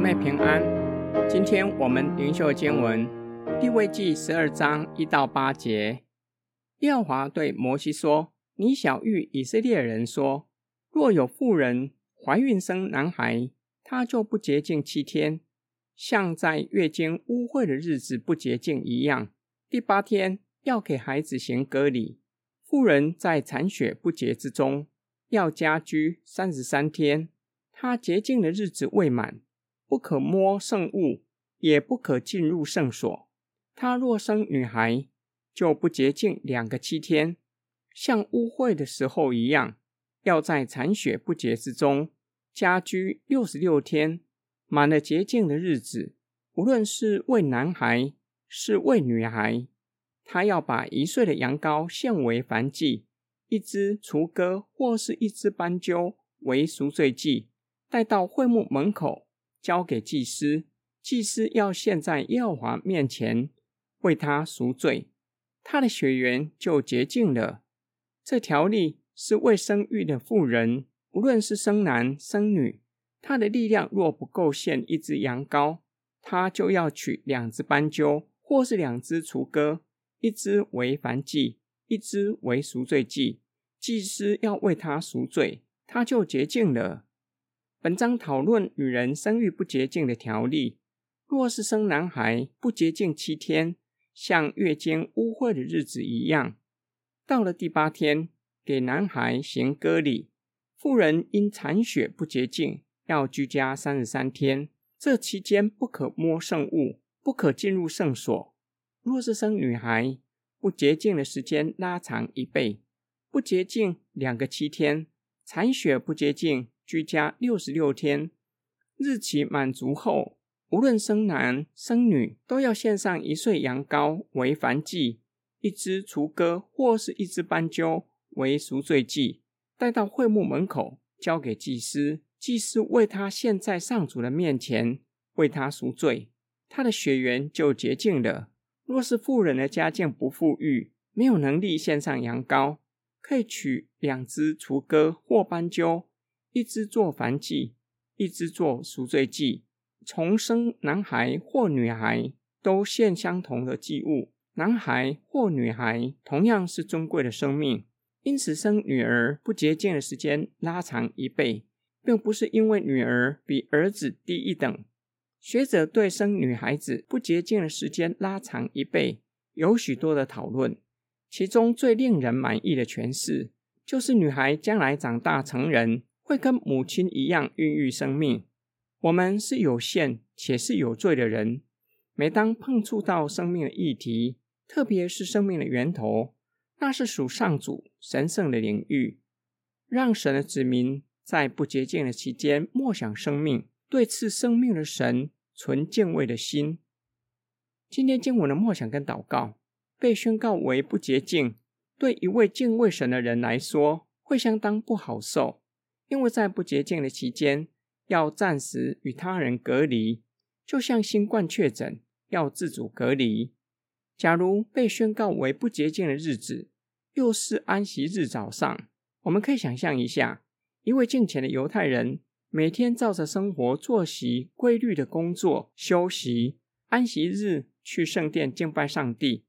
姊妹平安。今天我們靈修經文，利未記十二章一到八節。耶和華對摩西說：“你曉諭以色列人說：若有婦人懷孕生男孩，她就不潔淨七天，像在月經污穢的日子不潔淨一樣。第八天要給孩子行割禮。婦人在產血不潔之中要家居三十三天，她潔淨的日子未滿。”不可摸聖物，也不可進入聖所。她若生女孩，就不潔淨兩個七天，像污穢的時候一樣，要在產血不潔之中，家居六十六天。滿了潔淨的日子，無論是為男孩，是為女孩，她要把一歲的羊羔獻為燔祭，一隻雛鴿或是一隻斑鳩為贖罪祭，帶到會幕門口。交給祭司，祭司要獻在耶和華面前為她贖罪，她的血源就潔淨了。這條例是為生育的婦人，無論是生男生女，她的力量若不夠獻一只羊羔，她就要取兩只斑鳩或是兩只雛鴿，一只為燔祭，一只為贖罪祭。祭司要為她贖罪，她就潔淨了。本章討論女人生育不潔淨的條例。若是生男孩，不潔淨七天，像月經污穢的日子一樣。到了第八天，給男孩行割禮。婦人因產血不潔淨，要居家三十三天，這期間不可摸聖物，不可進入聖所。若是生女孩，不潔淨的時間拉長一倍，不潔淨兩個七天，產血不潔淨。居家六十六天，日期滿足後，無論生男生女，都要獻上一歲羊羔為燔祭，一隻雛鴿或是一隻斑鳩為贖罪祭，帶到會幕門口交給祭司，祭司為他獻在上主的面前，為他贖罪，他的血源就潔淨了。若是婦人的家境不富裕，沒有能力獻上羊羔，可以取兩隻雛鴿或斑鳩。一只做燔祭，一只做贖罪祭。從生男孩或女孩都獻相同的祭物。男孩或女孩同樣是尊貴的生命，因此生女兒不潔淨的時間拉長一倍，並不是因為女兒比兒子低一等。學者對生女孩子不潔淨的時間拉長一倍有許多的討論，其中最令人滿意的詮釋就是女孩將來長大成人。會跟母親一樣孕育生命。我們是有限且是有罪的人。每當碰觸到生命的議題，特別是生命的源頭，那是屬上主神聖的領域。讓神的子民在不潔淨的期間默想生命，對賜生命的神存敬畏的心。今天經文的默想跟禱告，被宣告為不潔淨，對一位敬畏神的人來說，會相當不好受。因為在不潔淨的期間，要暫時與他人隔離，就像新冠確診要自主隔離。假如被宣告為不潔淨的日子，又是安息日早上，我們可以想象一下，一位敬虔的猶太人，每天照着生活作息規律的工作、休息，安息日去聖殿敬拜上帝。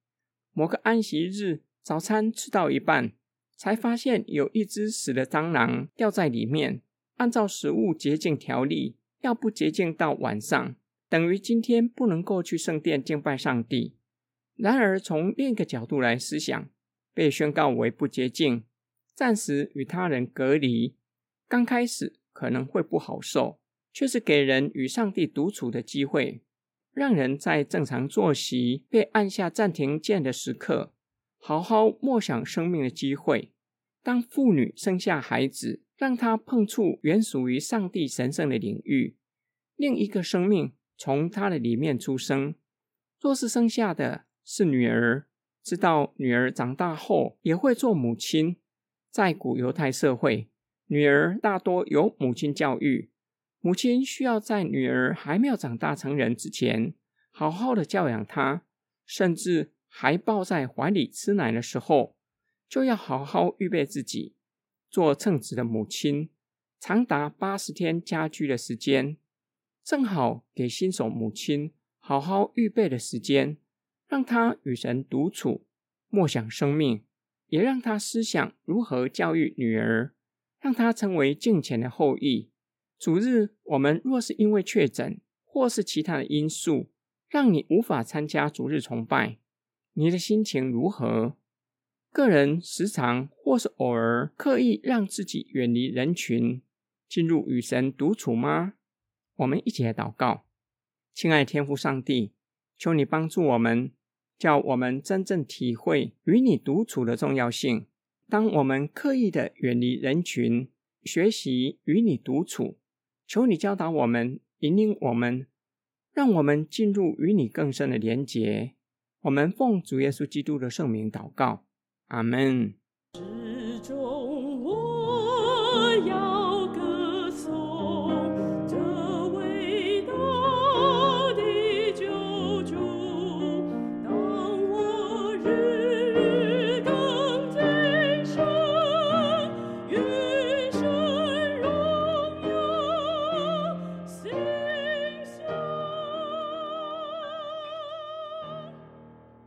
某個安息日，早餐吃到一半。才發現有一隻死的蟑螂掉在裡面。按照食物潔淨條例，要不潔淨到晚上，等於今天不能夠去聖殿敬拜上帝。然而，從另一個角度來思想，被宣告為不潔淨，暫時與他人隔離，剛開始可能會不好受，卻是給人與上帝獨處的機會，讓人在正常作息被按下暫停鍵的時刻。好好默想生命的機會。當婦女生下孩子，讓她碰觸原屬於上帝神聖的領域，另一個生命從她的裡面出生。若是生下的是女兒，知道女兒長大後也會做母親。在古猶太社會，女兒大多由母親教育，母親需要在女兒還沒有長大成人之前，好好的教養她，甚至。還抱在懷裡吃奶的時候，就要好好預備自己，做稱職的母親。長達八十天家居的時間，正好給新手母親好好預備的時間，讓她與神獨處，默想生命，也讓她思想如何教育女兒，讓她成為敬虔的後裔。主日，我們若是因為確診或是其他的因素，讓你無法參加主日崇拜。你的心情如何？個人時常或是偶爾刻意讓自己遠離人群，進入與神獨處嗎？我們一起來禱告，親愛天父上帝，求你幫助我們，叫我們真正體會與你獨處的重要性。當我們刻意的遠離人群，學習與你獨處，求你教導我們，引領我們，讓我們進入與你更深的連結。我們奉主耶穌基督的聖名禱告，阿門。